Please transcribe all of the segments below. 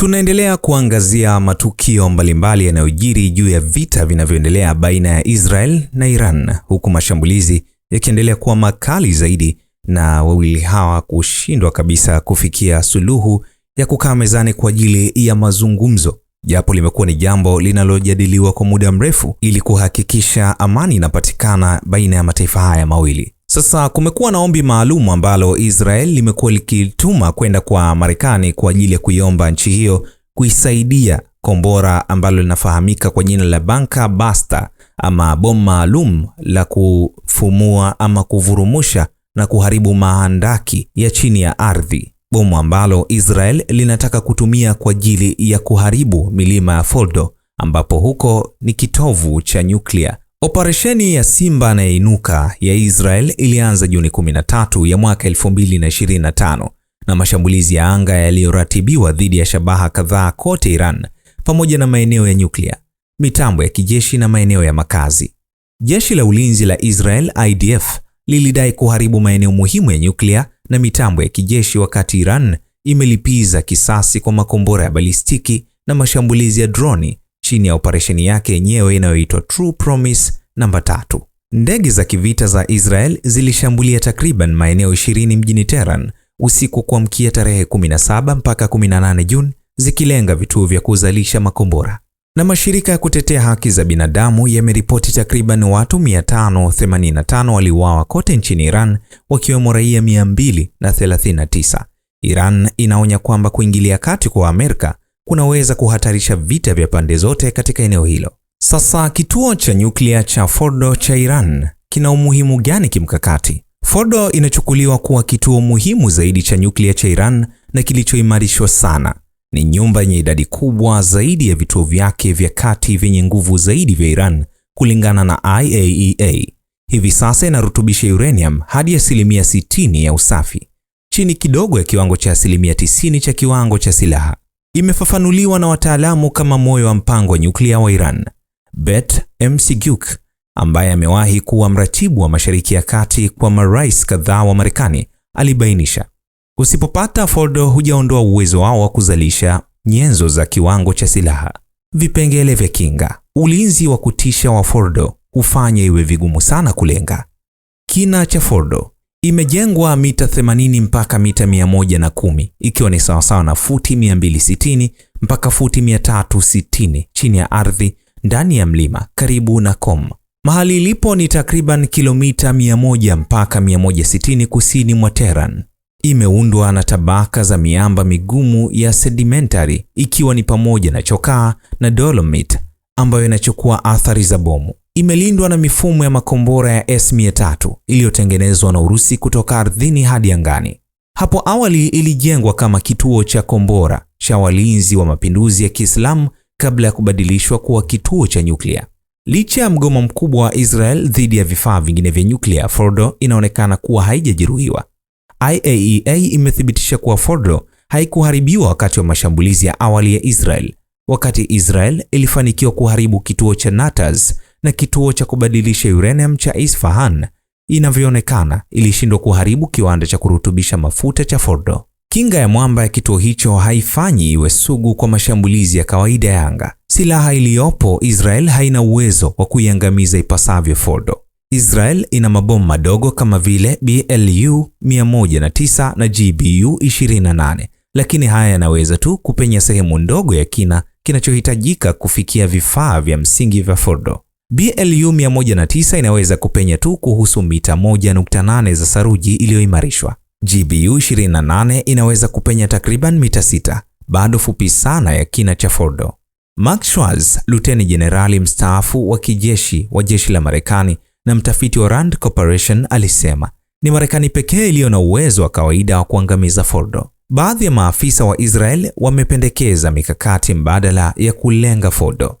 Tunaendelea kuangazia matukio mbalimbali yanayojiri juu ya vita vinavyoendelea baina ya Israel na Iran, huku mashambulizi yakiendelea kuwa makali zaidi na wawili hawa kushindwa kabisa kufikia suluhu ya kukaa mezani kwa ajili ya mazungumzo, japo limekuwa ni jambo linalojadiliwa kwa muda mrefu ili kuhakikisha amani inapatikana baina ya mataifa haya mawili. Sasa kumekuwa na ombi maalum ambalo Israel limekuwa likituma kwenda kwa Marekani kwa ajili ya kuiomba nchi hiyo kuisaidia kombora ambalo linafahamika kwa jina la Banka Basta ama bomu maalum la kufumua ama kuvurumusha na kuharibu mahandaki ya chini ya ardhi, bomu ambalo Israel linataka kutumia kwa ajili ya kuharibu milima ya Foldo ambapo huko ni kitovu cha nyuklia Operesheni ya Simba Anayeinuka ya Israel ilianza Juni 13 ya mwaka 2025 na mashambulizi ya anga yaliyoratibiwa dhidi ya shabaha kadhaa kote Iran pamoja na maeneo ya nyuklia, mitambo ya kijeshi na maeneo ya makazi. Jeshi la Ulinzi la Israel IDF lilidai kuharibu maeneo muhimu ya nyuklia na mitambo ya kijeshi wakati Iran imelipiza kisasi kwa makombora ya balistiki na mashambulizi ya droni chini ya operesheni yake yenyewe inayoitwa True Promise Namba tatu, ndege za kivita za Israel zilishambulia takriban maeneo 20 mjini Tehran usiku wa kuamkia tarehe 17 mpaka 18 Juni, zikilenga vituo vya kuzalisha makombora. Na mashirika ya kutetea haki za binadamu yameripoti takriban watu 585 waliuawa kote nchini Iran, wakiwemo raia 239. Iran inaonya kwamba kuingilia kati kwa Amerika kunaweza kuhatarisha vita vya pande zote katika eneo hilo. Sasa kituo cha nyuklia cha Fordo cha Iran kina umuhimu gani kimkakati? Fordo inachukuliwa kuwa kituo muhimu zaidi cha nyuklia cha Iran na kilichoimarishwa sana. Ni nyumba yenye idadi kubwa zaidi ya vituo vyake vya kati vyenye nguvu zaidi vya Iran kulingana na IAEA. E Hivi sasa inarutubisha uranium hadi asilimia 60 ya usafi, chini kidogo ya kiwango cha asilimia 90 cha kiwango cha silaha. Imefafanuliwa na wataalamu kama moyo wa mpango wa nyuklia wa Iran. Beth Mcgurk ambaye amewahi kuwa mratibu wa Mashariki ya Kati kwa marais kadhaa wa Marekani alibainisha, usipopata Fordo hujaondoa uwezo wao wa kuzalisha nyenzo za kiwango cha silaha, vipengele vya kinga, ulinzi wa kutisha wa Fordo hufanya iwe vigumu sana kulenga. Kina cha Fordo imejengwa mita 80 mpaka mita 110 ikiwa ni sawasawa na futi 260 mpaka futi 360 chini ya ardhi ndani ya mlima karibu na Kom. Mahali ilipo ni takriban kilomita 100 mpaka 160 kusini mwa Tehran. Imeundwa na tabaka za miamba migumu ya sedimentary ikiwa ni pamoja na chokaa na dolomite ambayo inachukua athari za bomu. Imelindwa na mifumo ya makombora ya S-300 iliyotengenezwa na Urusi kutoka ardhini hadi angani. Hapo awali ilijengwa kama kituo cha kombora cha walinzi wa mapinduzi ya Kiislamu kabla ya kubadilishwa kuwa kituo cha nyuklia. Licha ya mgomo mkubwa wa Israel dhidi ya vifaa vingine vya nyuklia, Fordo inaonekana kuwa haijajeruhiwa. IAEA e imethibitisha kuwa Fordo haikuharibiwa wakati wa mashambulizi ya awali ya Israel, wakati Israel ilifanikiwa kuharibu kituo cha Natanz na kituo cha kubadilisha uranium cha Isfahan. Inavyoonekana, ilishindwa kuharibu kiwanda cha kurutubisha mafuta cha Fordo. Kinga ya mwamba ya kituo hicho haifanyi iwe sugu kwa mashambulizi ya kawaida ya anga. Silaha iliyopo Israel haina uwezo wa kuiangamiza ipasavyo Fordo. Israel ina mabomu madogo kama vile BLU 109 na GBU 28, lakini haya yanaweza tu kupenya sehemu ndogo ya kina kinachohitajika kufikia vifaa vya msingi vya Fordo. BLU 109 inaweza kupenya tu kuhusu mita 1.8 za saruji iliyoimarishwa. GBU 28 inaweza kupenya takriban mita 6, bado fupi sana ya kina cha Fordo. Mark Schwartz, luteni jenerali mstaafu wa kijeshi wa jeshi la Marekani na mtafiti wa Rand Corporation, alisema ni Marekani pekee iliyo na uwezo wa kawaida wa kuangamiza Fordo. Baadhi ya maafisa wa Israel wamependekeza mikakati mbadala ya kulenga Fordo.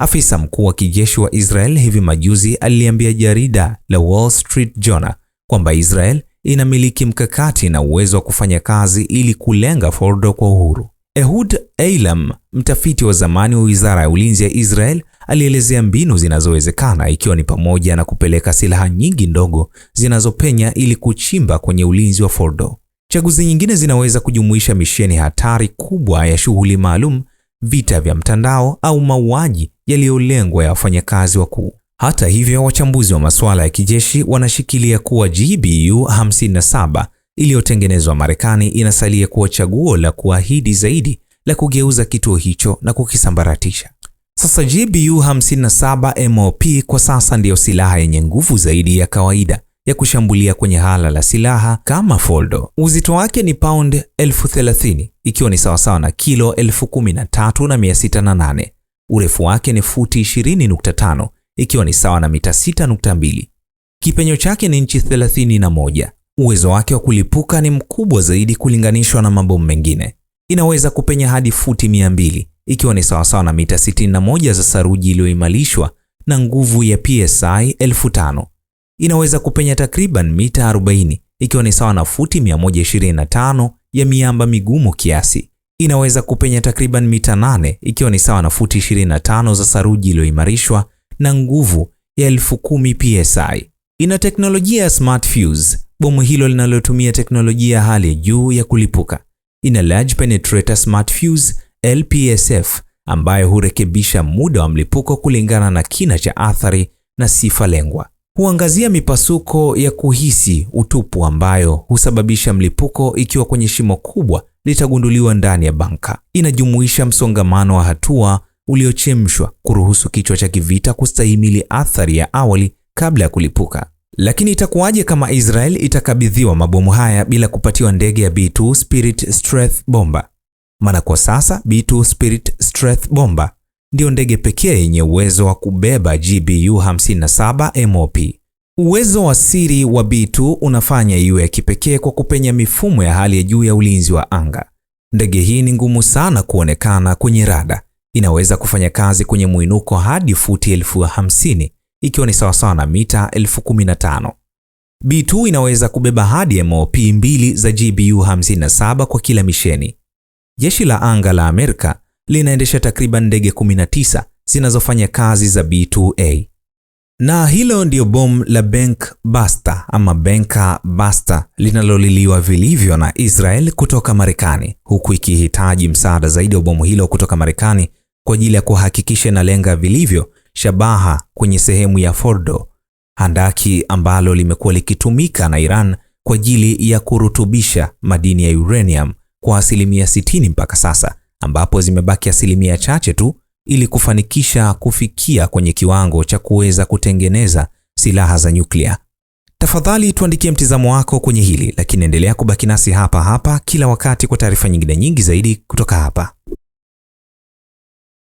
Afisa mkuu wa kijeshi wa Israel hivi majuzi aliambia jarida la Wall Street Journal kwamba Israel inamiliki mkakati na uwezo wa kufanya kazi ili kulenga Fordo kwa uhuru. Ehud Eilam, mtafiti wa zamani wa Wizara ya Ulinzi ya Israel, alielezea mbinu zinazowezekana ikiwa ni pamoja na kupeleka silaha nyingi ndogo zinazopenya ili kuchimba kwenye ulinzi wa Fordo. Chaguzi nyingine zinaweza kujumuisha misheni hatari kubwa ya shughuli maalum, vita vya mtandao au mauaji yaliyolengwa ya wafanyakazi wakuu. Hata hivyo, wachambuzi wa masuala ya kijeshi wanashikilia kuwa GBU 57 iliyotengenezwa Marekani inasalia kuwa chaguo la kuahidi zaidi la kugeuza kituo hicho na kukisambaratisha. Sasa GBU 57 MOP kwa sasa ndiyo silaha yenye nguvu zaidi ya kawaida ya kushambulia kwenye hala la silaha kama Foldo. Uzito wake ni pound elfu thelathini ikiwa ni sawasawa na kilo elfu kumi na tatu na mia sita na nane. Urefu wake ni futi 20.5 ikiwa ni sawa na mita 6.2. Kipenyo chake ni inchi 31. Uwezo wake wa kulipuka ni mkubwa zaidi kulinganishwa na mabomu mengine. Inaweza kupenya hadi futi 200, ikiwa ni sawasawa na mita 61 za saruji iliyoimarishwa na nguvu ya PSI 5000. Inaweza kupenya takriban mita 40, ikiwa ni sawa na futi 125 ya miamba migumu kiasi. Inaweza kupenya takriban mita 8, ikiwa ni sawa na futi 25 za saruji iliyoimarishwa na nguvu ya 10,000 psi. Ina teknolojia ya smart fuse, bomu hilo linalotumia teknolojia ya hali ya juu ya kulipuka. Ina large penetrator smart fuse LPSF ambayo hurekebisha muda wa mlipuko kulingana na kina cha athari na sifa lengwa. Huangazia mipasuko ya kuhisi utupu ambayo husababisha mlipuko ikiwa kwenye shimo kubwa litagunduliwa ndani ya banka. Inajumuisha msongamano wa hatua uliochemshwa kuruhusu kichwa cha kivita kustahimili athari ya awali kabla ya kulipuka. Lakini itakuwaje kama Israel itakabidhiwa mabomu haya bila kupatiwa ndege ya B2 Spirit Strength bomba? Maana kwa sasa B2 Spirit Strength bomba ndiyo ndege pekee yenye uwezo wa kubeba GBU 57 MOP. Uwezo wa siri wa B2 unafanya iwe ya kipekee kwa kupenya mifumo ya hali ya juu ya ulinzi wa anga. Ndege hii ni ngumu sana kuonekana kwenye rada, inaweza kufanya kazi kwenye mwinuko hadi futi elfu hamsini ikiwa ni sawasawa na mita elfu kumi na tano. B2 inaweza kubeba hadi MOP mbili za GBU 57 kwa kila misheni. Jeshi la anga la Amerika linaendesha takriban ndege 19 zinazofanya kazi za B2A. Na hilo ndio bomu la Bank Buster ama Banker Buster linaloliliwa vilivyo na Israel kutoka Marekani, huku ikihitaji msaada zaidi wa bomu hilo kutoka Marekani kwa ajili ya kuhakikisha inalenga vilivyo shabaha kwenye sehemu ya Fordo, handaki ambalo limekuwa likitumika na Iran kwa ajili ya kurutubisha madini ya uranium kwa asilimia 60 mpaka sasa, ambapo zimebaki asilimia chache tu ili kufanikisha kufikia kwenye kiwango cha kuweza kutengeneza silaha za nyuklia. Tafadhali tuandikie mtizamo wako kwenye hili, lakini endelea kubaki nasi hapa hapa kila wakati kwa taarifa nyingine nyingi zaidi kutoka hapa.